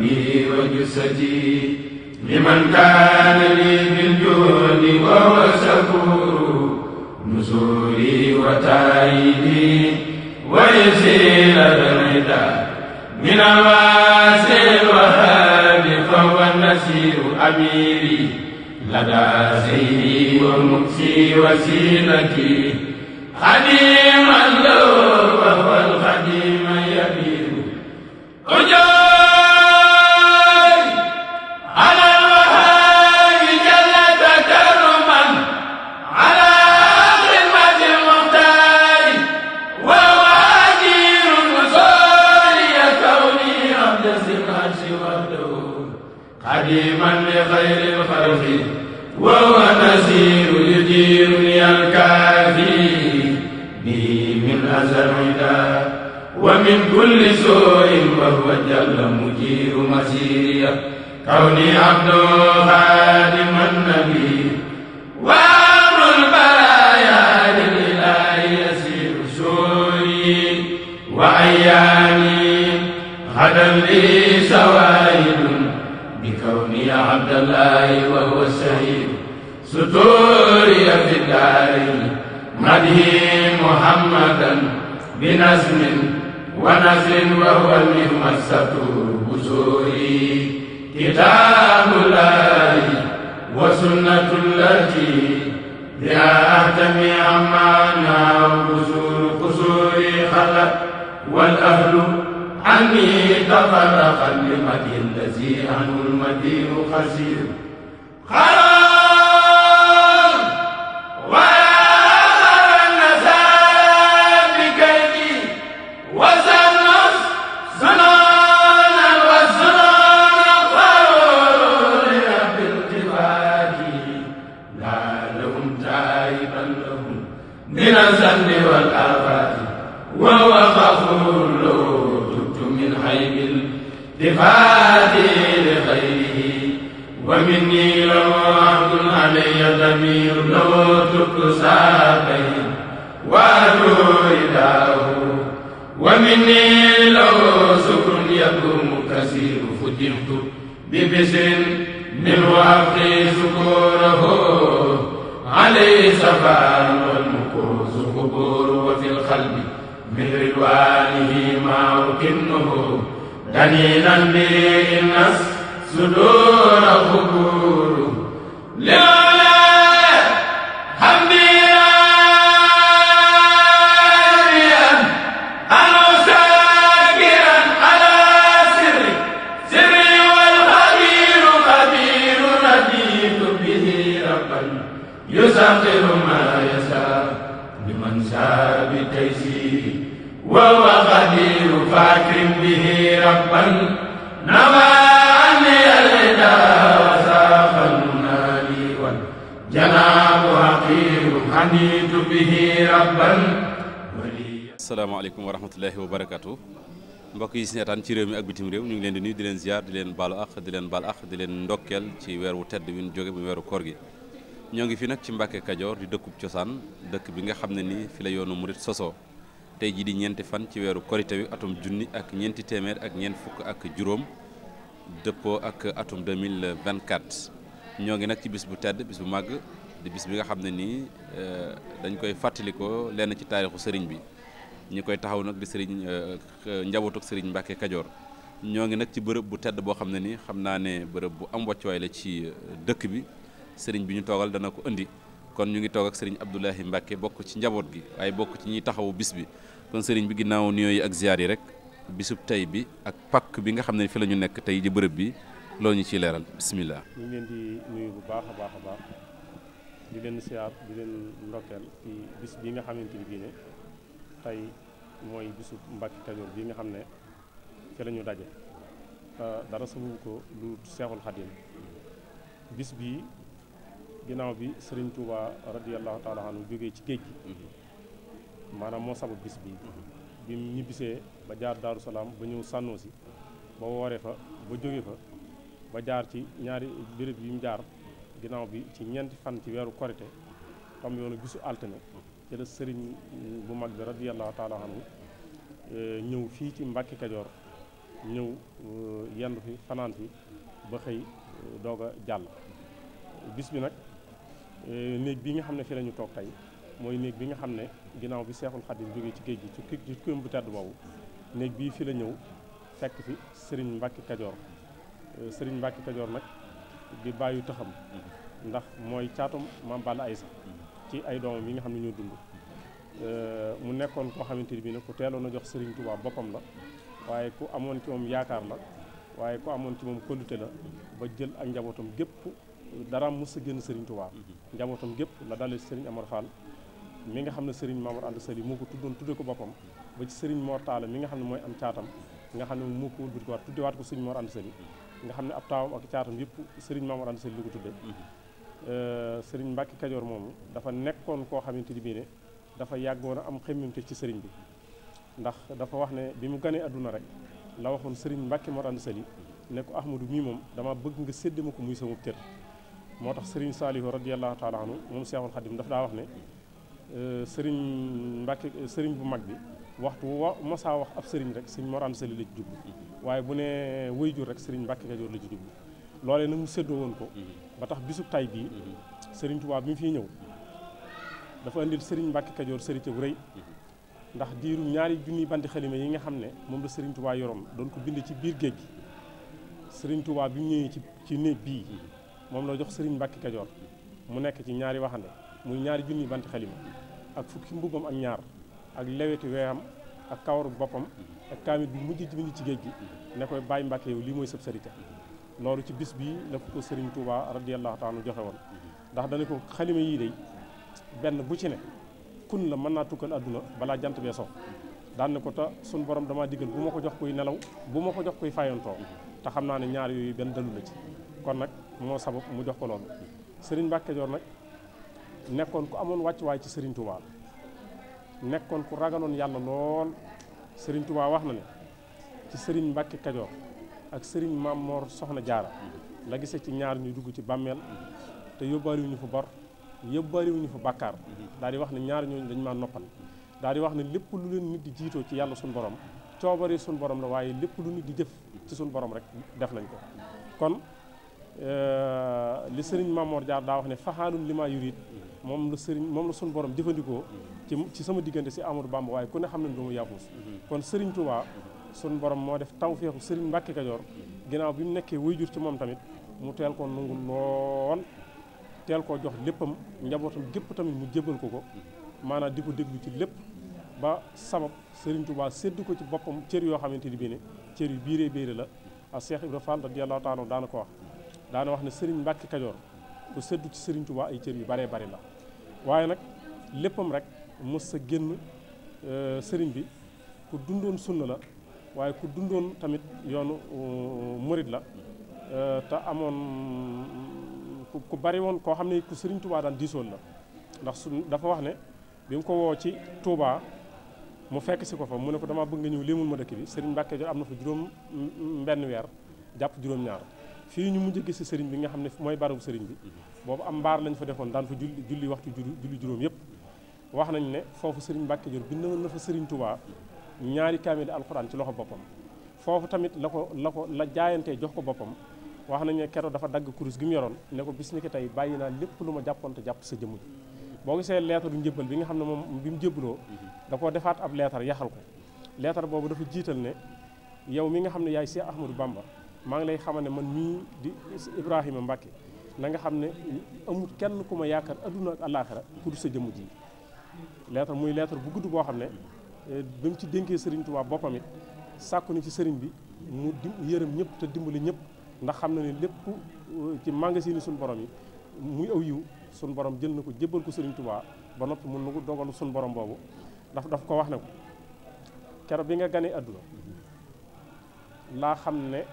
ربي وجسدي لمن كان لي بالجود وهو شكور نزولي وتأييدي ويزيل الردى من الواسع الوهاب فهو النسير أميري لدى سيدي ومكسي وسيلتي خديم الله وجل مجير مسيري كوني عبد خادم النبي وامر البرايا للإله يسير سوري وأيامي غدا لي شواهد بكوني عبد الله وهو الشهيد ستوري في الدار مدهي محمدا بنزم ونزل وهو المهمسة البشور كتاب الله وسنة التي بها أهتمي أمانا وقصور قصور خلق والأهل عني تفرقا لمدين الذي عنه المدين خسير خلاص يسخر ما يشاء لمن شاء بتيسيره وهو قدير فاكرم به ربا نوى عني الرداء وساق المنادي والجناب حقير حنيت به ربا asalaamaaleykum wa rahmatullahi wa barakaatu mbokk yi si neetaan ci réew mi ak bitim réew ñu ngi leen di nuyu di leen ziar di leen baalu ak di leen baal ak di leen ndokkeel ci weer wu tedd wi ñu jóge bu weeru koor gi ñoo ngi fi nag ci Mbàkke Kajoor di dëkkub cosaan dëkk bi nga xam ne nii fi la yoonu murit sosoo tey jii di ñeenti fan ci weeru korite wi atum junni ak ñeenti téeméer ak ñeent fukk ak juróom dëppoo ak atum mille vingt 2024 ñoo ngi nag ci bis bu tedd bis bu màgg di bis bi nga xam ne nii eh, dañ koy fàttalikoo lenn ci taarixu sëriñ bi ñi koy taxaw nag di sëriñ eh, njabootu ak sëriñ Mbàkke Kajoor ñoo ngi nag ci bërëb bu tedd boo xam ne ni xam naa ne bërëb bu am wàccuwaay la ci eh, dëkk bi sëriñ bi ñu toogal dana ko indi kon ñu ngi toog ak sëriñ Abdoulahi Mbacke bokk ci njaboot gi waaye bokk ci ñuy taxawu bis bi kon sëriñ bi ginnaaw nuyoo ak ziar yi rek bisub tey bi ak pàkk bi nga xam ne fi la nekk tey di bërëb bi loo ñu ciy leeral bisimilah. ñu leen di bu baax a baax a baax di leen ziar di leen bis bi nga xamante ni bii ne tey mooy bisub Mbacke Kajoor bi nga xam ne fi la daje dara subu ko lu seexul xadim bis bii. ginnaaw bi Serigne Touba radiyallahu taala anhu jógee ci géej gi mhm. maanaam moo sabab bis bi mhm. bi mu ñibbisee ba jaar Daaru Salaam ba ñëw sànnoo si ba wooree fa ba jóge fa ba jaar ci ñaari béréb yi mu jaar ginnaaw bi ci ñeenti fan ci weeru korite tam yoonu bisu altine ci la sëriñ bu mag bi radiyallahu taala e, ñëw fii ci Mbàkke Kajoor ñëw e, yendu fi fanaan fi ba xëy e, doog a jàll bis bi nag Euh, néeg bi nga xam ne fi lañu ñu toog tey mooy néeg bi nga xam ne ginnaaw bi Seexul Xadim jógee ci géej gi ci ci kuréel bu tedd boobu néeg bii fi la ñëw fekk fi sëriñ Mbacke Kajoor euh, sëriñ Mbacke Kajoor nag di bàyyi taxam ndax mooy caatum Maam ay Aysa ci ay doomam yi nga xam ne ñoo dund euh, mu nekkoon koo xamante ni bii nag ku teeloon a jox Serigne Touba boppam la waaye ku amoon ci moom yaakaar la waaye ku amoon ci moom kóllute la ba jël ak njabootam gépp dara mos a génn Serigne Touba. Mhm. njabootam gépp la dalee Serigne Amar Fall mi nga xam ne Serigne Mamour Anta Sali moo ko tuddoon tudde ko boppam mhm. ba ci Serigne mi nga xam ne mooy am caatam nga xam ne moo ko wëlbati ko waat ko Serigne Mor Anta Sali mhm. nga xam ne ab taawam ak caatam yëpp Serigne Mamour Anta Sali la ko tuddee euh, Serigne Mbacke Kajoor moomu dafa nekkoon koo xamante ni bii ne dafa yàggoon a am xemmemte ci sëriñ bi ndax dafa wax ne bi mu ganee adduna rek la waxoon Serigne Mbacke Mor Anta Sali ne ko Ahmadou mii moom dama bëgg nga ma ko moo tax Serigne Saliou radiyallahu taala anhu moom Seexul Xadim dafa daa wax ne sëriñ Mbàkke sëriñ bu mag bi waxtu wa mosaa wax ab Serigne rek Serigne Mor Anta Sali la ci waaye bu ne wayjur rek sëriñ Mbàkke Kajoor la ci loolee nag mu séddoo woon ko tax bisub tay bii Serigne Touba bi fiy ñëw dafa indil Serigne Mbàkke Kajoor sërite bu rëy ndax diiru ñaari junni bandi xalima yi nga xam ne moom la Serigne Touba yoroon doon ko bind ci biir géej gi Serigne Touba bi mu ñëwee ci ci néeg bii moom la jox Serigne Mbacke Kajoor mu nekk ci ñaari waxande muy ñaari junni bant xalima ak fukki mbubbam ak ñaar ak lewetu weexam ak kawaru boppam ak kaamit bi mujj ji ci géej gi ne koy bàyyi Mbacke yow lii mooy sëb sarita loolu ci bis bii la ko Serigne Touba radiyallahu taala joxe woon ndax dana ko xalima benn bu ci ne kun la mën naa tukkal àdduna balaa jant bee so daan ko te suñ borom damaa diggal bu ma ko jox kuy nelaw bu ma ko jox kuy fayantoo te xam naa ne ñaari yooyu benn dalu la ci kon nag moo sabab mu jox ko loolu sëriñ Mbàkke Joor nag nekkoon ku amoon wàccuwaay ci sëriñ nekkoon ku ragaloon yàlla lool sëriñ Touba wax na ne ci sëriñ Mbàkke Kajoor ak sëriñ Maam Moor Soxna Jaara la gise ci ñaar ñuy dugg ci bàmmeel te yóbbaaliwuñu fa bor yóbbaaliwuñu fu bàkkaar daal di wax ne ñaar ñooñu dañ maa noppal daal di wax ne lépp lu leen nit di jiitoo ci yàlla suñu borom coobare suñu borom la waaye lépp lu nit di jëf ci suñu borom rek def nañ ko Euh, li sëriñ Mamor Jaar daa wax ne faxaalum li maa yurit moom la sëriñ moom la suñu borom jëfandikoo ci ci sama diggante si Amadou Bamba waaye ku ne xam nañ ba mu yàquus kon sëriñ Touba suñu borom moo def tawféexu sëriñ Mbàkke Kajoor ginnaaw bi mu nekkee wayjur ci moom tamit mu teel koo nangu lool teel koo jox léppam njabootam gépp tamit mu jébal ko ko maanaa di déglu ci lépp ba sabab sëriñ Touba sedd ko ci boppam cër yoo xamante ni bii ne cër yu bii biire la ak Cheikh Ibrahima Fall radiyallahu taala daana daana wax ne sëriñ Mbàkke Kajoor ku seddu ci sëriñ Tuubaa ay cër yu baree bari la waaye nag léppam rek mos sa génn euh, sëriñ bi ku dundoon sunna la waaye ku dundoon tamit yoonu euh, murit la euh, te amoon ku bari woon koo xam ne ku sëriñ Tuubaa daan diisoon la ndax su dafa wax ne bi mu ko woo ci Tuubaa mu fekk si ko fa mu ne ko dama bëgg nga ñëw limul ma dëkk bi sëriñ Mbàkke Kajoor am na fa juróom mbenn weer jàpp juróom-ñaar fii ñu mujj gis si sëriñ bi nga xam ne mooy barabu sëriñ bi boobu am mbaar lañ fa defoon daan fa julli julli waxtu julli juróom yëpp wax nañ ne foofu sëriñ Mbàkke Joor bind na fa sëriñ Tuubaa ñaari kaamil alxuraan ci loxo boppam foofu tamit la ko la ko la jaayantee jox ko boppam wax nañ ne keroog dagg kurus gi mu yoroon ne ko bis tey bàyyi naa lépp lu ma jàppoonte jàpp sa jëmm ji boo gisee leetaru njëbbal bi nga xam ne moom bi mu jëbbaloo da koo defaat ab leetar yaxal ko leetar boobu dafa jiital ne yow mi nga xam ne yaay Seex Ahmadou Bamba maa ngi lay xamal ne man mii di Ibrahima Mbacke na nga xam ne amul kenn ku ma yaakaar adduna ak àllaaxira pour sa jëmm ji leetar muy leetar bu gudd boo xam ne eh, bi mu ci dénkee Serigne Touba boppam it sàkku ni ci Serigne bi mu di yërëm ñëpp te dimbali ñëpp ndax xam na ne lépp eh, ci magasin suñu borom yi muy aw yiw suñu borom jël na ko jébbal ko Serigne Touba ba noppi mun na ko dogalu suñu borom boobu daf daf ko wax ne ko keroog bi nga ganee adduna laa xam ne.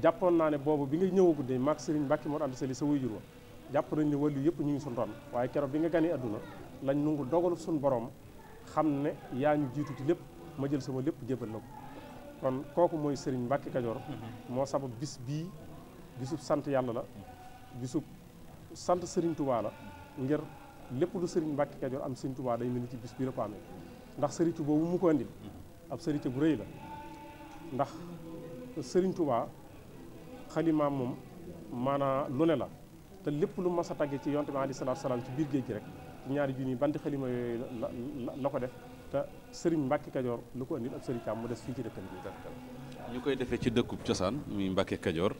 jàppoon naa ne boobu bi nga ñëwagud ne maag Serigne Mbacke Mor Anta Sali sa wayjur wa jàpp nañ ne wàllu yëpp ñu ngi suñu ron waaye keroog bi nga ganee adduna lañ nungu dogalu suñu borom xam ne yaa ñu jiitu ci lépp ma jël sama lépp jébal la ko kon kooku mooy Serigne Mbacke Kajoor mm-hmm. moo sabab bis bii bisub sant yàlla la bisub sant sëriñ Touba la ngir lépp lu Serigne Mbacke Kajoor am Serigne Touba day mel ni ci bis bii la ko amee ndax Serigne Touba bu mu ko andil mm-hmm. bu rëy la ndax Serigne xalimaam moom maanaa lu ne la te lépp lu mas a tagge ci yonte bi aleyhi salaatu salaam ci biir géej gi rek ci ñaari junni banti xalima yooyu la la ko def te sëriñ Mbàkke Kajoor lu ko andil ak sëriñ Caam mu des fii ci dëkkam bi ñu koy defee ci dëkkub cosaan muy Mbàkke Kajoor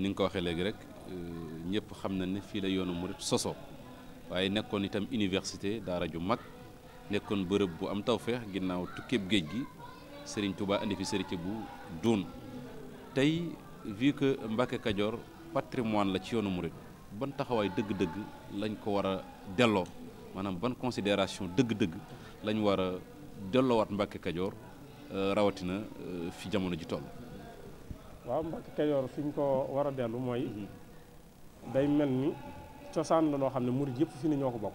ni nga ko waxee léegi rek euh, ñëpp xam na ni fii la yoonu murit sosoo waaye nekkoon itam université daara ju mag nekkoon bërëb bu am tawféex ginnaaw tukkeeb géej gi sëriñ tubaa indi fi sëriñ bu duun vu que Mbacke Kajoor patrimoine la ci yoonu murid ban taxawaay dëgg-dëgg lañ ko war a delloo maanaam ban considération dëgg-dëgg lañ war a delloowaat Mbacke Kajoor euh, rawatina euh, fi jamono ji toll. waaw Mbacke Kajoor fi ñu ko war a dellu mooy mhm. day mel ni cosaan la loo xam ne murid yëpp fi ne ñoo ko bokk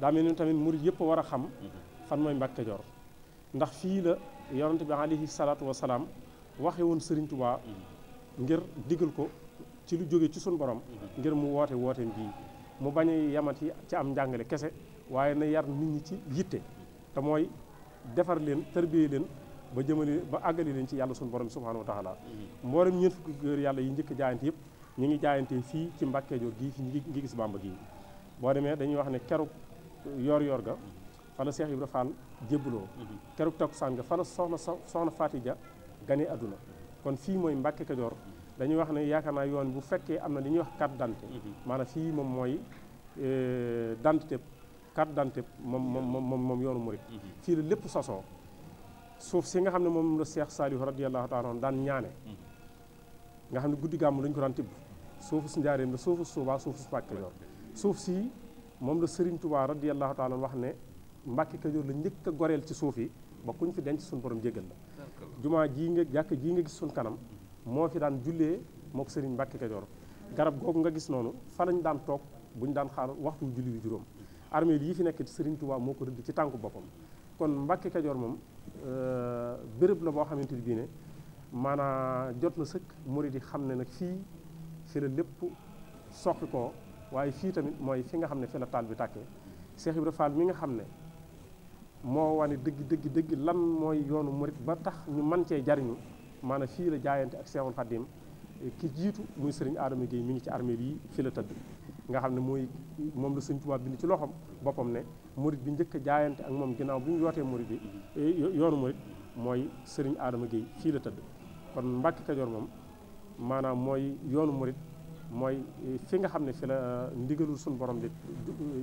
daa mel ni tamit murid yëpp war a xam mhm. fan mooy Mbacke Kajoor ndax fii la yonent bi alayhi salaatu wa waxe woon Serigne Touba. Mhm. ngir digal ko ci lu jóge ci suñu borom ngir mu woote wooteem bii mu bañ a yamati ci am njàngale kese waaye na yar nit ñi ci yitte te mooy defar leen tarbiyee leen ba jëmale ba àggale leen ci yàlla suñu borom subhaanahu wa taala mboolem ñeent fukki góor yàlla yi njëkk jaayante yëpp ñu ngi jaayante fii ci Mbàkke Joor gii fi ngi gis Bàmba gii boo demee dañuy wax ne kerug yoor yoor ga fa la Seex Ibra Faal jébbaloo mm-hmm. kerug takkusaan ga fa la soxna soxna Faatija gane kon fii mooy Mbàkke Kajoor dañuy wax ne yaakaar naa yoon bu fekkee am na li ñuy wax carte dante mhm. maanaam fii moom mooy euh, dantité carte d'identité moom moom moom moom yoonu murit mhm. fii la lépp sosoo suuf si nga xam ne moom la Seex Saalihu radiyallahu taala daan ñaane mhm. nga xam ne guddi gàmm lañu ko daan tibb suufu si njaareem la suufu suubaa suufu si Mbàkke Kajoor suuf si moom la Sëriñ Tuubaa radiyallahu taala wax ne Mbàkke Kajoor la njëkk a goreel ci suuf yi ba kuñ fi denc suñu borom jéggal la jumaa jii nga jàkk jii nga gis suñ kanam moo fi daan jullee mook sëriñ Mbàkke Kajoor garab googu nga gis noonu fa lañu daan toog bu ñu daan xaar waxtu julli juróom armée yii fi nekk sëriñ Tuubaa moo ko rëdd ci tànku boppam kon Mbàkke Kajoor moom euh, béréb la boo xamante ni bii ne maanaa jot na sëkk murid xam ne nag fii fi la lépp soqi ko waaye fii tamit mooy fi nga xam ne fi la taal bi tàkkee Cheikh Ibra Fall mi nga xam ne moo ne dëgg dëgg dëgg lan mooy yoonu murit ba tax ñu man cee jariñu maanaam fii la jaayante ak Seexul Xaddim ki jiitu muy sëriñ Adama Gueye mu ngi ci armée yi fii la tëdd nga xam ne mooy moom la sëñ Tuubaa bind ci loxoom boppam ne murit bi njëkk a jaayante ak moom ginnaaw bi mu yootee murit bi e, yoonu mooy sëriñ Adama Gueye fii la kon Mbàkke Kajoor moom maanaam mooy yoonu murit mooy e, fi nga xam ne fi e, suñu borom di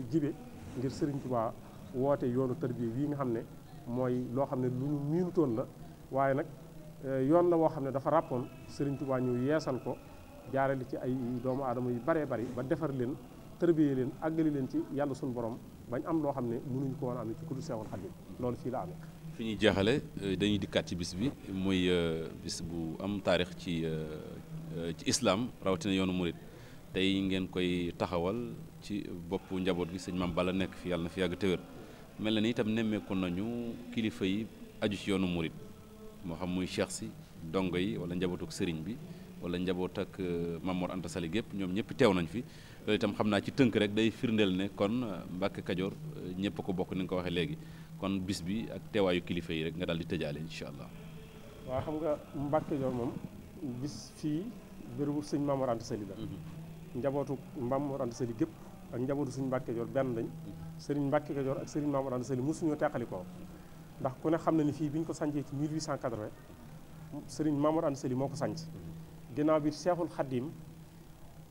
jibe ngir sëriñ Tuubaa woote yoonu tarbiya wii nga xam ne mooy loo xam ne lu ñu miinutoon la waaye nag eh, yoon la woo xam ne dafa ràppoon Serigne Touba ñu yeesal ko jaarale ci ay doomu aadama yu baree bari ba defar leen tërbiye leen àggali leen ci yàlla suñu borom bañ am loo xam ne mënuñu ko woon amee ci ku dul Seexul Xadiim loolu fii la amee. fi ñuy jeexale eh, dañuy dikkaat ci bis bi muy eh, bis bu am taarix ci ci islam rawatina yoonu murit tey ngeen koy taxawal ci boppu njaboot gi sëñ Maam Balla nekk fi yàlla na fi yàgg te mel na ni itam nemmeeku nañu kilifa yi aju ci yoonu murit moo xam muy cheikh si dongo yi wala njabootuk sëriñ bi wala njaboot ak euh, Mamor Anta Sali gépp ñoom ñëpp teew nañ fi loolu itam xam naa ci tënk rek day firndeel ne kon euh, Mbàkke Kajoor euh, ñëpp ko bokk ni nga ko waxee léegi kon bis bi ak teewaayu kilifa yi rek nga daal di tëjaale incha allah. waa xam nga Mbàkke Kajoor moom bis fii bérébu sëñ Mamor Anta Sali la mm-hmm. njabootu Mamor Anta Sali gépp ak njabootu sëriñ Mbàkke Kajoor benn lañ sëriñ Mbàkke Kajoor ak sëriñ Maam Mor Anta Sali mosuñoo teqalikoo ndax ku ne xam na ni fii bi ñu ko sancee ci 1880 sëriñ Maam Mor Anta Sali moo ko sanc ginnaaw bi Seexul Xaddiim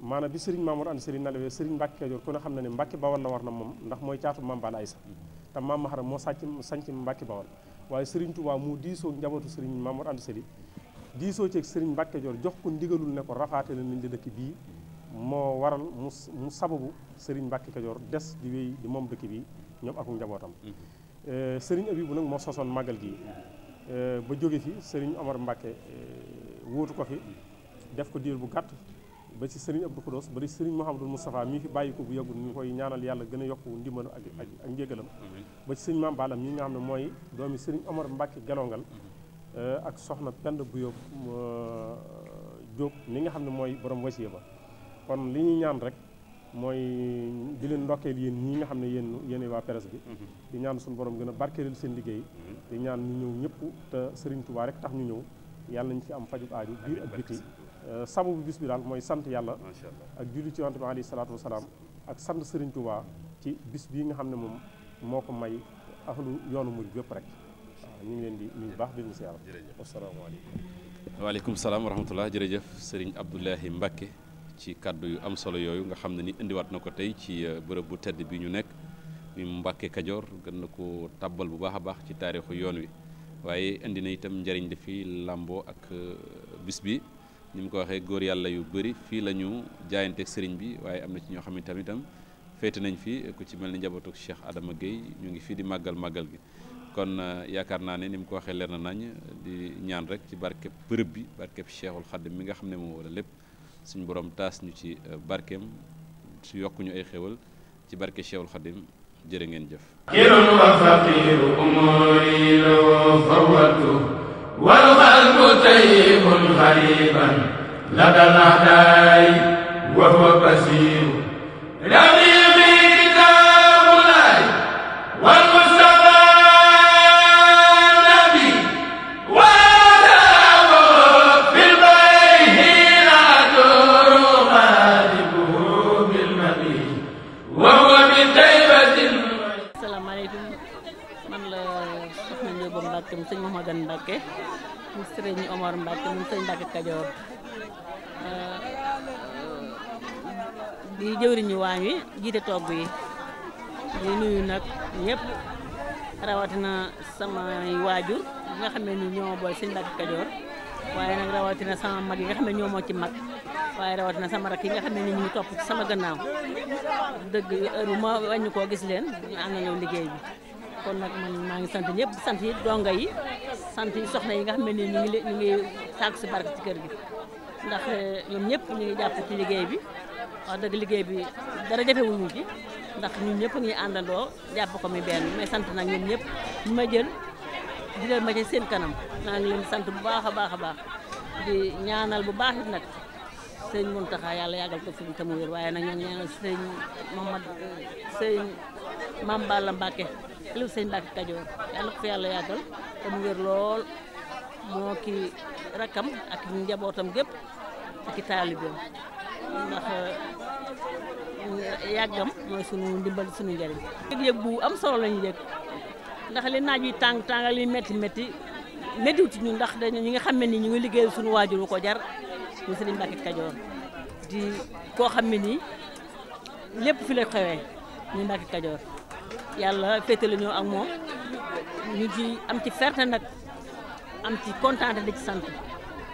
maanaam bi sëriñ Maam Mor Anta Sali nalawee sëriñ Mbàkke Kajoor ku ne xam na ne Mbàkke Bawol la war na moom ndax mooy caatu Maam Balla Aysa moo sànc sanc Mbàkke Bawol waaye sëriñ Tuubaa mu diisoo njabootu sëriñ Maam Mor Anta Sali diisoo ceeg sëriñ Mbàkke Kajoor jox ko ndigalul ne ko rafaate la nañ la dëkk bii moo waral mu mu sababu Serigne Mbacke Kajoor des di wéy di moom dëkk bi ñoom ak njabootam. Mm-hmm. Euh, Serigne Abibou nag moo sosoon màggal gi euh, ba jóge fi sëriñ Omar Mbacke euh, wóotu ko fi def ko diir bu gàtt ba ci Serigne Abdou Khoudoss ba di Serigne Mouhamadou Moustapha mii fi bàyyi ko bu yàggul ñu koy ñaanal yàlla gën a yokk ndimbal ak ak njégalam mm-hmm. ba ci Serigne Mame Ballam ñi nga xam ne mooy doomi Serigne Omar Mbacke Gelongal mm-hmm. ak soxna Penda Buyo Diop mi nga xam ne mooy borom wasiya ba kon li ñuy ñaan rek mooy di leen ndokkeel yéen ñii nga xam ne yéen yéen waa presse bi mhm. di ñaan suñu borom gën a barkeelal seen liggéey mhm. di ñaan ñu ñëw ñëpp te Sëriñ Tuubaa rek tax ñu ñëw yàlla nañu ci am fajub aaju biir ak sama sababu bis bi daal mooy sant yàlla ak julli ci yonent bi alayhi salaatu ak sant Sëriñ Tuubaa ci bis bii nga xam ne moom moo ko may ahlu yoonu murid yëpp rek ñu ngi leen di nuyu baax di nuyu si yàlla asalaamaaleykum waaleykum salaam wa rahmatullah jërëjëf Sëriñ Abdoulahi Mbacke ci kàddu yu am solo yooyu nga xam ne ni indiwaat na ko tey ci euh, bërëb bu tedd bi ñu nekk mi Mbàkke Kajoor gën na ko tàbbal bu baax a baax ci taarixu yoon wi waaye indi na itam njëriñ li fi làmboo ak euh, bis bi ni mu ko waxee góor yàlla yu bëri fii la ñu jaayanteeg sëriñ bi waaye am na ci ñoo xam ne tam itam féete nañ fii ku ci mel ni njabootu Cheikh Adama Guèye ñu ngi fii di màggal màggal gi kon euh, yaakaar naa ne ni mu ko waxee leer na nañ di ñaan rek ci barkeb bërëb bi barkeb Cheikhul Xadim mi nga xam ne moo wala lépp suñu boroom taas ñu ci euh, barkeem su yokkuñu ay xéwal ci barke Cheikhul Khadim jërë ngeen jëf kirun wa faqiru umuri law fawatu wal qalbu tayyibun xariban ladana daay wa huwa basir Mor Mbacke moom sëñ Mbacke Kajoor euh, di jëwriñu waañ wi jiite togg yi di nuyu nag ñëpp rawatina samay waajur yi nga xam ne ni ñoo bool sëñ Mbacke Kajoor waaye nag mag moo ci mag waaye rawatina sama rak yi nga xam ne ni ñu ngi topp ci sama gannaaw dëgg heure bu ma gis leen ñu ànd ñëw liggéey bi kon nag man maa ngi sant ñëpp sant yi donga yi sant yi soxna yi nga xam ni ñu ngi ñu ngi sàkku si barke ci kër gi ndax eh, ñoom ñëpp ñu ngi jàpp ci liggéey bi wax dëgg liggéey bi dara jafewuñu ci ndax ñun ñëpp ngi àndandoo jàpp ko mi benn mais sant nag ñoom ñëpp ñu ma jël di leen ma ci seen kanam maa ngi leen sant bu baax a baax a baax di ñaanal bu baax it nag sëñ Muntaxa yàlla yàggal ko fi mu tamu wér waaye nag ñoo ngi ñaanal sëñ Mamad sëñ maam Balla Mbacke xalifa sëñ Mbacke Kajoor yàlla ko fi yàlla yàggal te mu wér lool moo ki rakkam ak njabootam gépp ak i taalibeem ndax eh, yàggam mooy sunu ndimbal sunu njëriñ. yëg-yëg bu am solo lañu yëg ndax li naaj yi tàng tàng li métti métti méttiwut ñu ndax de ñi nga xam ne ni ñu ngi liggéey sunu waajur wu ko jar mu sëriñ Mbacke Kajoor di koo xam ne nii lépp fi la xewee ñu Mbacke Kajoor. yàlla féetale ñoo ak moom ñu ci am ci ferte nag am ci kontaan di ci sant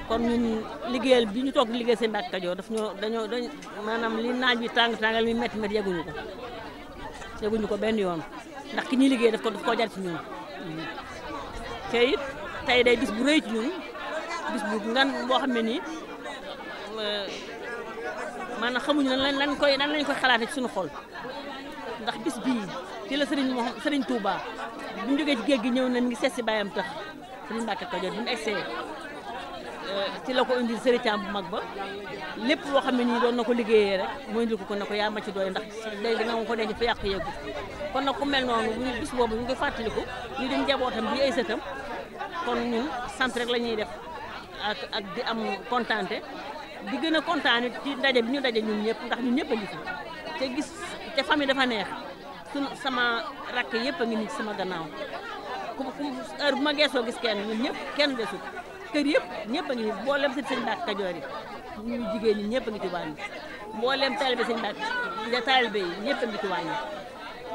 kon ñun liggéeyal bi ñu toog liggéey seen Mbàkke Kajoor daf ñoo dañoo dañ maanaam li naaj bi tàng tàngal mi métti métti yeguñu ko yeguñu ko benn yoon ndax ki ñuy liggéey daf ko koo jar ci ñun te it tey bis bu rëy bis bu ngan boo xam ne nii maanaam xamuñu lan lan koy lan lañ koy xalaate ci suñu xol ndax bis bii ci la sëriñ moom sëriñ Touba bu ñu jógee ci géej gi ñëw na ngi seet si bàyyam tax sëriñ Mbàkke Kajoor bi mu egsee euh, ci la ko indil sëriñ Thiam bu mag ba lépp loo xam ne nii doon na ko liggéeyee rek mu indil ko ko ne ko yaa ma ci doy ndax day danga ma ko denc fa yàq yëggu kon nag ku mel noonu bu bis boobu ñu ngi koy fàttaliku ñu di njabootam bi ay sëtam kon ñun sant la ñuy def ak ak am kontaante di gën a kontaan ci ndaje bi ñu daje ñun ñëpp ndax ñun ñëpp a ngi te gis te famille dafa neex sunu sama rakk yëpp a ngi nii sama gannaaw ku heure bu ma geesoo gis kenn ñun ñëpp kenn desut kër yëpp ñëpp a ngi nii mboolem si Kajoor yi jigéen ñi ñëpp a ngi ci wàññi mboolem taalibe sëñ Mbàkke de taalibe a ngi ci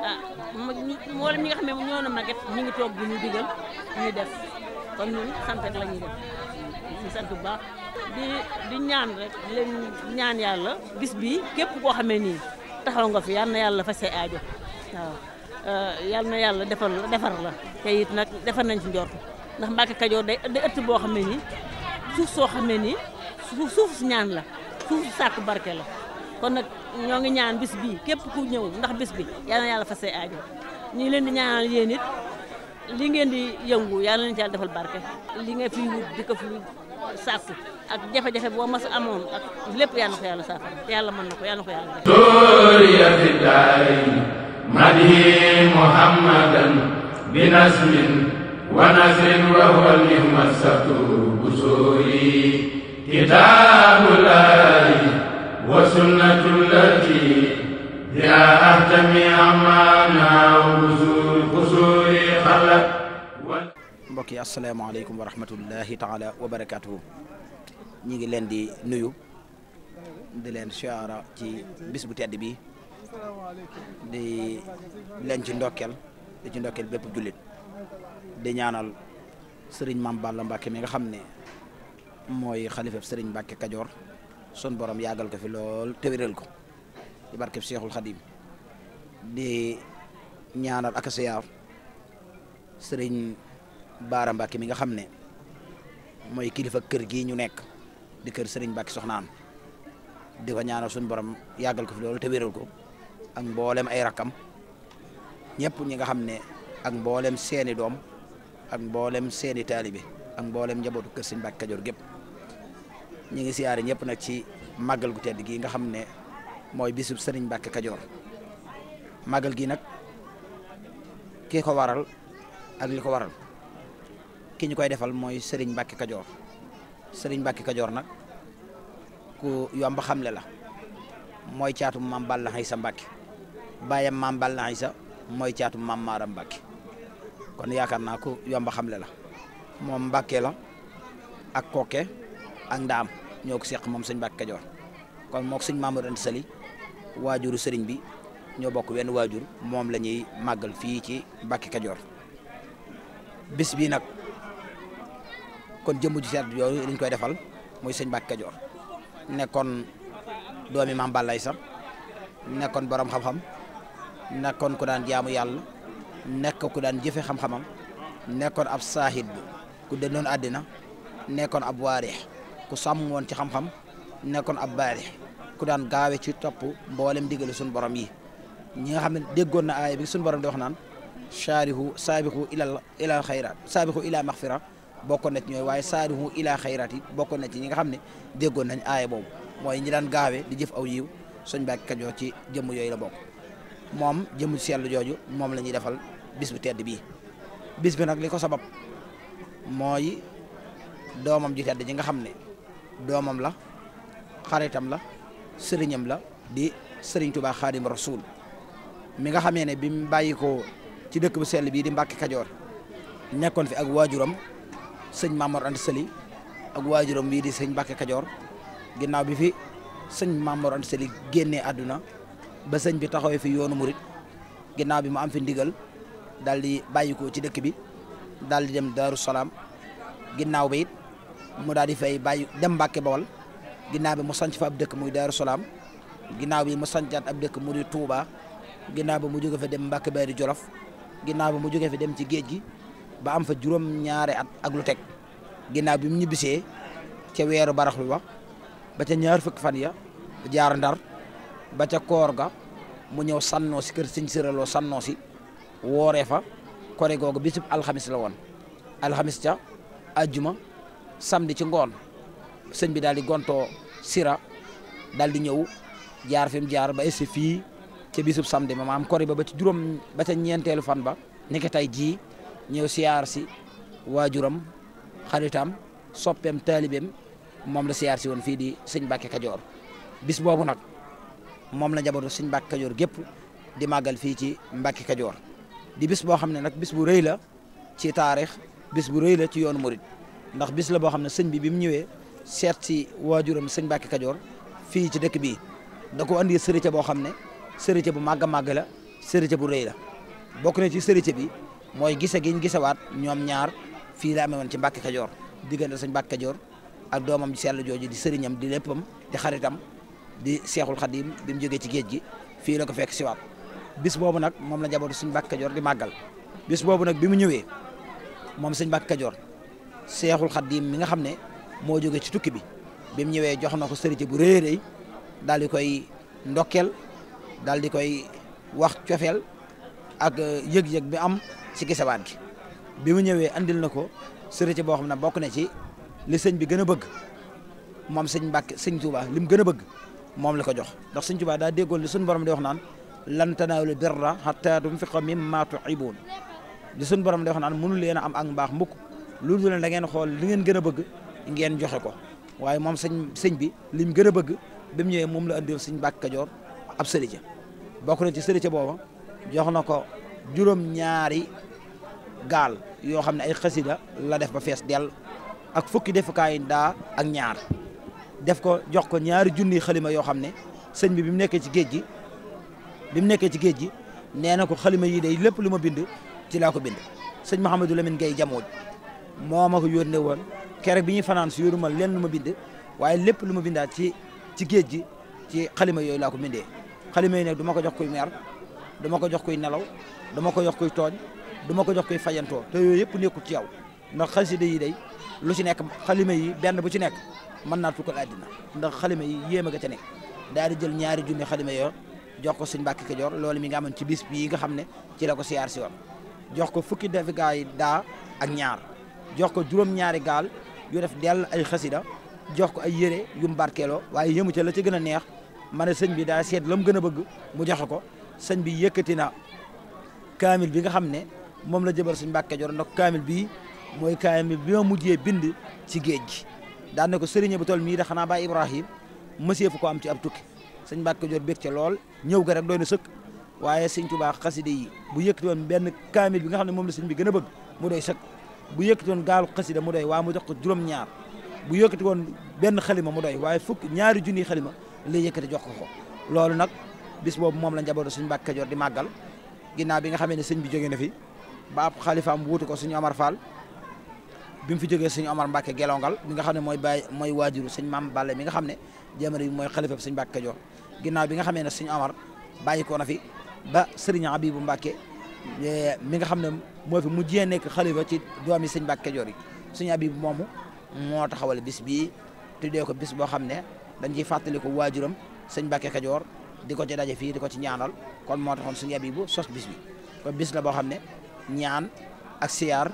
ah, nga xam ne ñoo na maget ngi toog bu ñu digal def kon ñun sant la sant bu baax di ñaan rek leen ñaan yàlla gis bi képp koo xamee nii taxaw nga fi yal na yàlla fa see ajo waaw euh, yal na yàlla defar la defar la te nag defar nañ ci njort ndax Mbàkke Kajoor de day ëtt boo xam ne nii suuf soo xamee nii suuf suuf si ñaan la suuf si barke la kon nag ñoo ngi ñaan bis bii képp ku ñëw ndax bis bi yal na yàlla fas aajo ñu ngi leen di ñaan yéen lii ngeen di yëngu yal na leen yàlla defal barke. lii nga fi wut di ko ak jafe-jafe boo mas amoon ak lépp yal na ko yàlla saafara yàlla mën na ko yal na ko yàlla def. مدهي محمدا بنسم ونسر وهو اليوم السبت بسوري كتاب الله وسنة التي بها أهتمي أمانا وبزور قصور خلق mbokk yi asalaamaaleykum wa rahmatullahi taala wa barakaatuhu ñi ngi leen di nuyu di leen siyaara ci bis bu tedd bi di leen ci ndokkeel di ci ndokkeel bépp jullit di ñaanal sëriñ Maam Balla Mbàkke mi nga xam ne mooy xalifa sëriñ Mbàkke Kajoor sun borom yàggal ko fi lool téwéral ko di barkeb Seexul Xadim di ñaanal ak siyaar sëriñ Baara Mbàkke mi nga xam ne mooy kilifa kër gii ñu nekk di kër sëriñ Mbàkke soxnaan di ko ñaanal sun borom yàggal ko fi lool téwéral ko ak mboolem ay rakkam ñëpp ñi nga xam ne ak mboolem seeni doom ak mboolem seeni taalibe ak mboolem njabootu kër Sëñ Kajoor gépp ñi ngi siyaare ñëpp nag ci màggal gu tedd gi nga xam ne mooy bisub Sëriñ Mbàkke Kajoor màggal gi nag ki ko waral ak li ko waral ki ñu koy defal mooy Sëriñ Mbàkke Kajoor Sëriñ Mbàkke Kajoor nag ku yomb xamle la mooy caatu Maam Balla sa mbaki bàyyam maam Bal na Aysa mooy caatu maam Maaram Mbàkke kon yaakaar naa ko yomba xamle la moom Mbàkke la ak kokke ak ndaam ñoo ko seq moom sëñ Mbàkke Kajoor kon moo ko sëñ Maamadu Anta Sali waajuru sëriñ bi ñoo bokk wenn waajur moom la ñuy màggal fii ci Mbàkke Kajoor bis bii nag kon jëmm ji seet yooyu lañ koy defal muy sëñ Mbàkke Kajoor nekkoon doomi maam Bal na Aysa nekkoon borom xam-xam nekkoon ku daan jaamu yàlla nekk ku daan jëfe xam-xamam nekkoon ab saahid bi ku dëndoon àddina nekkoon ab waarix ku sàmm woon ci xam-xam nekkoon ab baarix ku daan gaawe ci topp mboolem digale suñu borom yi ñi nga xam ne déggoon na aaya bi suñu borom di wax naan saarihu saabiqu ilal ilal xayraat saabiqu ila bokkoon na ci waaye saarihu ila xayraat yi bokkoon na ci ñi nga xam ne déggoon nañ aaya boobu mooy ñi daan gaawe di jëf aw yiw suñ bàkki Kajoor ci jëmm yooyu la bokk moom jëmu seelu jooju moom la ñuy defal bis bu tedd bii bis bi nag li ko sabab mooy doomam ji tedd ji nga xam ne doomam la xaritam la sëriñam la di sëriñ Tuubaa Xaadim Rasuul mi nga xamee ne bi mu ci dëkk bu sell bii di Mbàkke Kajoor nekkoon fi ak waajuram sëñ Maamor Anta Sali ak waajuram bii di sëñ Mbàkke Kajoor ginnaaw bi fi sëñ Maamor Anta Sali génne àdduna ba sëñ bi taxawee fi yoonu murit ginnaaw bi mu am fi ndigal daal di bàyyikoo ci dëkk bi daal di dem Daaru Salaam ginnaaw bi it mu daal di fay bàyyi dem Mbàkke Bawal ginnaaw bi mu sanc fa ab dëkk muy Daaru Salaam ginnaaw bi mu sancaat ab dëkk mu di Touba ginnaaw bi mu jóge fa dem Mbàkke Bari Jolof ginnaaw bi mu jóge fi dem ci géej gi ba am fa juróom-ñaari at ak lu teg ginnaaw bi mu ñibbisee ca weeru baraxlu wa ba ca ñaar fukk fan ya jaar Ndar ba ca koor ga mu ñëw sannoo si kër sëñ sëraloo sannoo si wooree fa kore googu bisub alxamis la woon alxamis ca ajjuma samedi ci ngoon sëñ bi daal di gontoo sira daal di ñëw jaar fi jaar ba esse fii ca bisub samedi ma maam kori ba ba juróom ba ca ñeenteelu fan ba niki tey jii ñëw siyaar si waajuram xaritam soppeem taalibeem moom la siyaar si woon fii di sëñ Mbàkke Kajoor bis boobu nag moom la njabootu sëñ Mbàkke Kajoor gépp di màggal fii ci Mbàkke Kajoor di bis boo xam ne nag bis bu rëy la ci taarix bis bu rëy la ci yoonu murit ndax bis la boo xam ne sëñ bi bi mu ñëwee seet si waajuram sëñ Mbàkke Kajoor fii ci dëkk bi da ko andi sërite boo xam ne sërite bu màgg a màgg la sërite bu rëy la bokk na ci sërite bi mooy gise giñ gisewaat ñoom ñaar fii la amee woon ci Mbàkke Kajoor diggante sëñ Mbàkke Kajoor ak doomam ji sell jooju di sëriñam di léppam di di seexul xadim bi mu jógee ci géej gi fii la ko fekk siwaat bis boobu nag moom la njabootu suñ Mbàkke Kajoor di màggal bis boobu nag bi mu ñëwee moom suñ Mbàkke Kajoor seexul xadim mi nga xam ne moo jógee ci tukki bi bi mu ñëwee jox na ko sërite bu rëy rëy daal di koy ndokkeel daal di koy wax cofeel ak uh, yëg-yëg bi am ci gisawaan gi bi mu ñëwee indil na ko sërite boo xam ne bokk na ci li sëñ bi gën a bëgg moom sëñ Mbàkke sëñ Tuuba li mu gën a bëgg moom la ko jox ndax Sëñ Tuubaa daa déggoon li suñ borom di wax naan lan tanaalu birra hattaa tunfiqu mimmaa tuhibbuun li suñ borom di wax naan mënu leen am ak mbaax mbukk lu dul da ngeen xool li ngeen gën a bëgg ngeen joxe ko waaye moom sëñ sëñ bi lim gën a bëgg bi ñëwee moom la andiwoon sëñ Mbàkke Kajoor ab sëriñ bokk na ci sëriñ booba jox na ko juróom-ñaari gaal yoo xam ne ay xasida la def ba fees dell ak fukki defukaay daa ak ñaar def ko jox ko ñaari junni xalima yoo xam ne sëñ bi bi mu nekkee ci géej gi bi mu nekkee ci géej gi nee na ko xalima yi day lépp lu ma bind ci laa ko bind sëñ Mouhamadou Lamine Gueye jamooj moo ma ko yónnee woon kere bi ñuy fanaan si yóoru ma lenn lu ma bind waaye lépp lu ma bindaat ci ci géej gi ci xalima yooyu laa ko bindee xalima yi nekk du ma ko jox kuy mer du ma ko jox kuy nelaw du ma ko jox kuy tooñ du ma ko jox kuy fajantoo te yooyu yëpp nekkul ci yow ndax xasida lu ci nekk xalima yi benn bu ci nekk mën naa tukkal àddina ndax xalima yi yéem a ga ca nekk daal di jël ñaari junni xalima yoo jox ko suñ Mbàkke Kajoor loolu mi nga amoon ci bis bii nga xam ne ci la ko siyaar si woon jox ko fukki defikaay daa ak ñaar jox ko juróom-ñaari gaal yu def dell ay xasida jox ko ay yére yu mu barkeeloo waaye yëmu ca la ca gën a neex man ne sëñ bi daa seet la mu gën a bëgg mu jox ko sëñ bi yëkkati na kaamil bi nga xam ne moom la jëbal suñ Mbàkke Kajoor ndax kaamil bii mooy kaamil bi mujjee bind ci géej gi daan na ko sëriñ bu toll nii da xanaa bàyyi Ibrahim mësee fu ko am ci ab tukki sëñ Mbàkke Kajoor bég ca lool ñëw ga rek doy na sëkk waaye sëñ Tuubaa xaside yi bu yëkkati woon benn kaamil bi nga xam ne moom la sëñ bi gën a bëgg mu doy sëkk bu yëkkati woon gaalu xasida mu doy waa mu jox ko juróom-ñaar bu yëkkati woon benn xalima mu doy waaye fukk ñaari junni xalima lay yëkkati jox ko ko loolu nag bis boobu moom la njabootu sëñ Mbàkke Kajoor di màggal ginnaaw bi nga xamee ne bi jóge na fi ba ab xalifaam wuutu ko suñu Amar Fall bi mu fi jógee sëñ Omar Mbacke gelongal mi nga xam ne mooy baay mooy waajuru Maam bale mi nga xam ne jéemari bi mooy xalifab sëñ Mbacke Kajoor ginnaaw bi nga xamee ne sëñ Omar bàyyi na fi ba sëriñ Abibu Mbacke mi nga xam ne moo fi mujjee nekk xalifa ci doomi sëñ Mbacke Kajoor yi sëñ Abibu moomu moo taxawal bis bii tuddee ko bis boo xam ne dañ ciy fàttali ko waajuram sëñ Mbacke Kajoor di ko ci daje fii di ko ci ñaanal kon moo taxoon sëñ Abibu sos bis bi bis la boo xam ne ñaan ak siyaar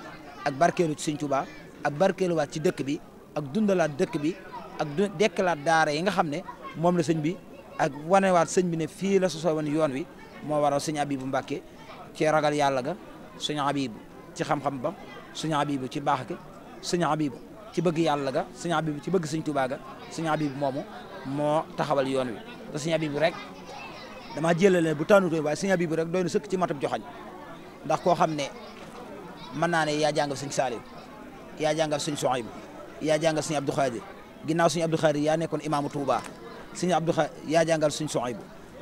ak barkeelu ci Sëñ Tuubaa ak barkeeluwaat ci dëkk bi ak dundalaat dëkk bi ak du dekkalaat daara yi nga xam ne moom la sëñ bi ak wane waat sëñ bi ne fii la sosoo woon yoon wi moo waral sëñ Abibu Mbàkke ci ragal yàlla ga sëñ Abibu ci xam-xam ba sëñ Abibu ci baax ga sëñ Abibu ci bëgg yàlla ga sëñ Abibu ci bëgg sëñ Tuubaa ga sëñ Abibu moomu moo taxawal yoon wi te sëñ Abibu rek damaa jëlale bu tànnutoo waaye sëñ Abibu rek doy na sëkk ci matab joxañ ndax koo xam ne mën naa ne yaa jàngal sëñ Saaliw yaa jàngal sëñ Soxayb yaa jàngal sëñ Abdou Khadir ginnaaw sëñ Abdou Khadir yaa nekkoon imaamu Touba sëñ Abdou Khadir yaa jàngal sëñ Soxayb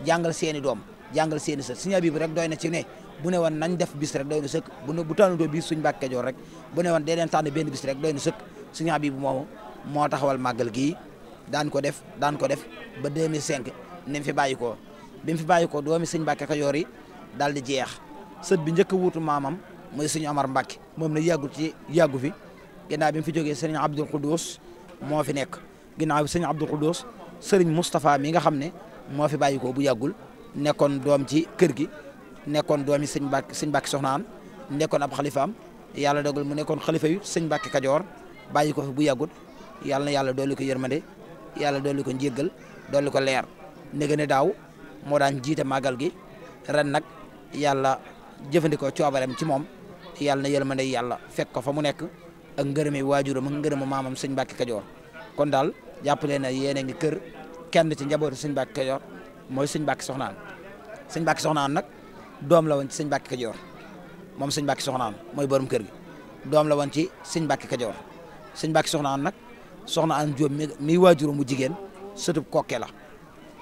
jàngal seeni doom jàngal seeni sët sëñ Habib rek dooy na ci ne bu ne woon nañ def bis rek doy na sëkk bu ne bu tànnatoo bis suñ Mbàkke Kajoor rek bu ne woon dee leen tànn benn bis rek doy na sëkk sëñ Habib moomu moo taxawal màggal gii daan ko def daan ko def ba 2005 ni mu fi bàyyi ko bi mu fi bàyyi ko doomi sëñ Mbàkke Kajoor yi daal di jeex sët bi njëkk a wuutu maamam mooy sëñ Omar Mbacke moom na yàggu ci yàggu fi ginnaaw bi mu fi jógee sëriñ Abdoul Khoudous moo fi nekk ginnaaw bi sëñ Abdoul Khoudous sëriñ Moustapha mi nga xam ne moo fi bàyyi ko bu yàggul nekkoon doom ci kër gi nekkoon doom yi sëñ Mbacke sëñ Mbacke soxnaam nekkoon ab xalifaam yàlla dogal mu nekkoon xalifa yu sëñ Mbacke Kajoor bàyyi ko fi bu yàggul yàlla na yàlla dolli ko yërmande yàlla dolli ko njéggal dolli ko leer nega ne daaw moo daan jiite màggal gi ren nag yàlla jëfandikoo coobareem ci moom yàlla na yërmande yàlla fekk ko fa mu nekk ak ngërëmi waajuram ak ngërëmu maamam sëñ Mbàkke Kajoor kon daal jàppale na yéen a ngi kër kenn ci njabootu sëñ Mbàkke Kajoor mooy sëñ Mbàkke Soxnaan sëñ Mbàkke Soxnaan nag doom la woon sëñ Mbàkke moom sëñ Mbàkke Soxnaan mooy borom kër gi doom la woon ci sëñ Mbàkke Kajoor sëñ Mbàkke Soxnaan nag soxna an Jóob mi mi jigéen sëtub kokke la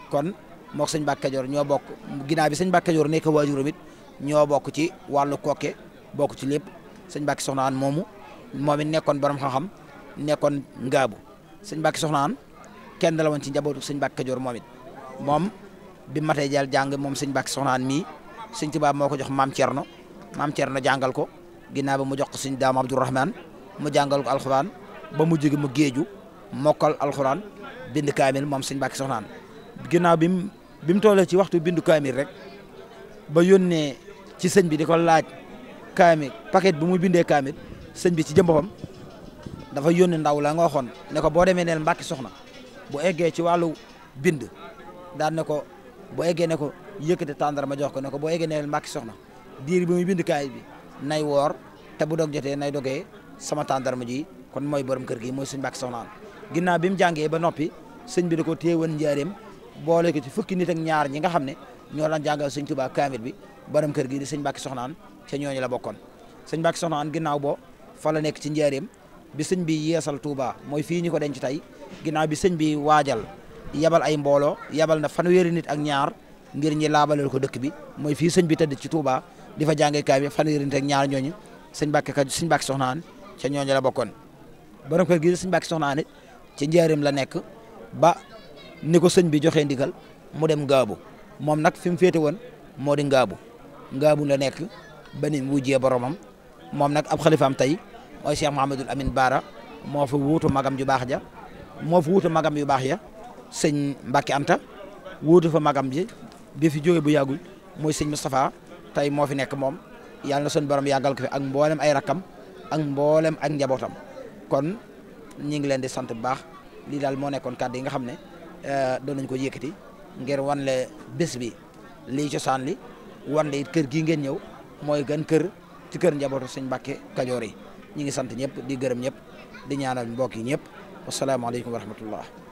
kon mook sëñ Mbàkke Kajoor ñoo bokk ginnaaw bi sëñ Mbàkke Kajoor nekk waajuram it ñoo bokk ci wàllu kokke bokk ci lépp sëñ Mbàkke Soxna An moomu moom nekkoon borom xam-xam nekkoon ngaabu sëñ Mbàkke Soxna An kenn la woon ci njabootu sëñ Mbàkke Kajoor moom it moom bi matee jàll jàng moom sëñ Mbàkke Soxna mii sëñ Tuubaa moo ko jox maam Cerno maam Cerno jàngal ko ginnaaw ba mu jox ko sëñ Daam Abdourahman mu jàngal ko alxuraan ba mu jóge mu géeju mokkal alxuraan bind kaamil moom sëñ Mbàkke Soxna An ginnaaw bi ci waxtu bindu kaamil rek ba yónnee ci sëñ bi di ko laaj. kaamil paquet bu muy bindee kaamil sëñ bi ci jëm boppam dafa yónni ndaw la nga waxoon ne ko boo demee neel mbàkki soxna boo eggee ci wàllu bind daan ne ko bu eggee ne ko yëkkati tàndar ma jox ko ne ko boo eggee neel mbàkki soxna diir bu muy bind kaay bi nay woor te bu dog jotee nay dogee sama tàndar ma ji kon mooy borom kër gi mooy sëñ mbàkki soxnaan ginnaaw bi mu jàngee ba noppi sëñ bi da ko téye woon njaareem boole ko fukki nit ak ñaar ñi nga xam ne ñoo daan jàngal sëñ Tuubaa kaamil bi borom kër gi di sëñ mbàkki ca ñooñu la bokkoon sëñ Mbàkke Soxna Anta ginnaaw boo fa la nekk ci njaareem bi sëñ bi yeesal Touba mooy fii ñu ko denc tey ginnaaw bi sëñ bi waajal yabal ay mbooloo yabal na fanweeri nit ak ñaar ngir ñi laabalal ko dëkk bi mooy fii sëñ bi tëdd ci Touba di fa jàngee kaay bi fan nit ak ñaar ñooñu sëñ Mbàkke ka sëñ Mbàkke Soxna Anta ca ñooñu la bokkoon borom ko gi sëñ Mbàkke Soxna Anta ci njaareem la nekk ba ni ko sëñ bi joxe ndigal mu dem Ngaabu moom nag fi mu féete woon moo di Ngaabu Ngaabu la nekk ba ni mu wujjee moom nag ab xalifaam tey mooy Cheikh Mouhamadul Amin Baara moo fa wuutu magam ju baax ja moo fa wuutu magam yu baax ya sëñ Mbacke Anta wuutu fa magam ji bi fi jógee bu yàggul mooy sëñ Moustapha tey moo fi nekk moom yàlla na suñu borom yàggal ko fi ak mboolem ay rakkam ak mboolem ak njabootam kon ñi ngi leen di sant bu baax lii daal moo nekkoon kàddu yi nga xam ne eh, doon nañ ko yëkkati ngir wan le bés bi lii cosaan li wan le it kër gii ngeen ñëw. mooy gën kër ci kër njabootu sëñ Mbàkke Kajoor yi ñi ngi sant ñëpp di gërëm ñëpp di ñaanal mbokk yi ñëpp wasalaamaaleykum wa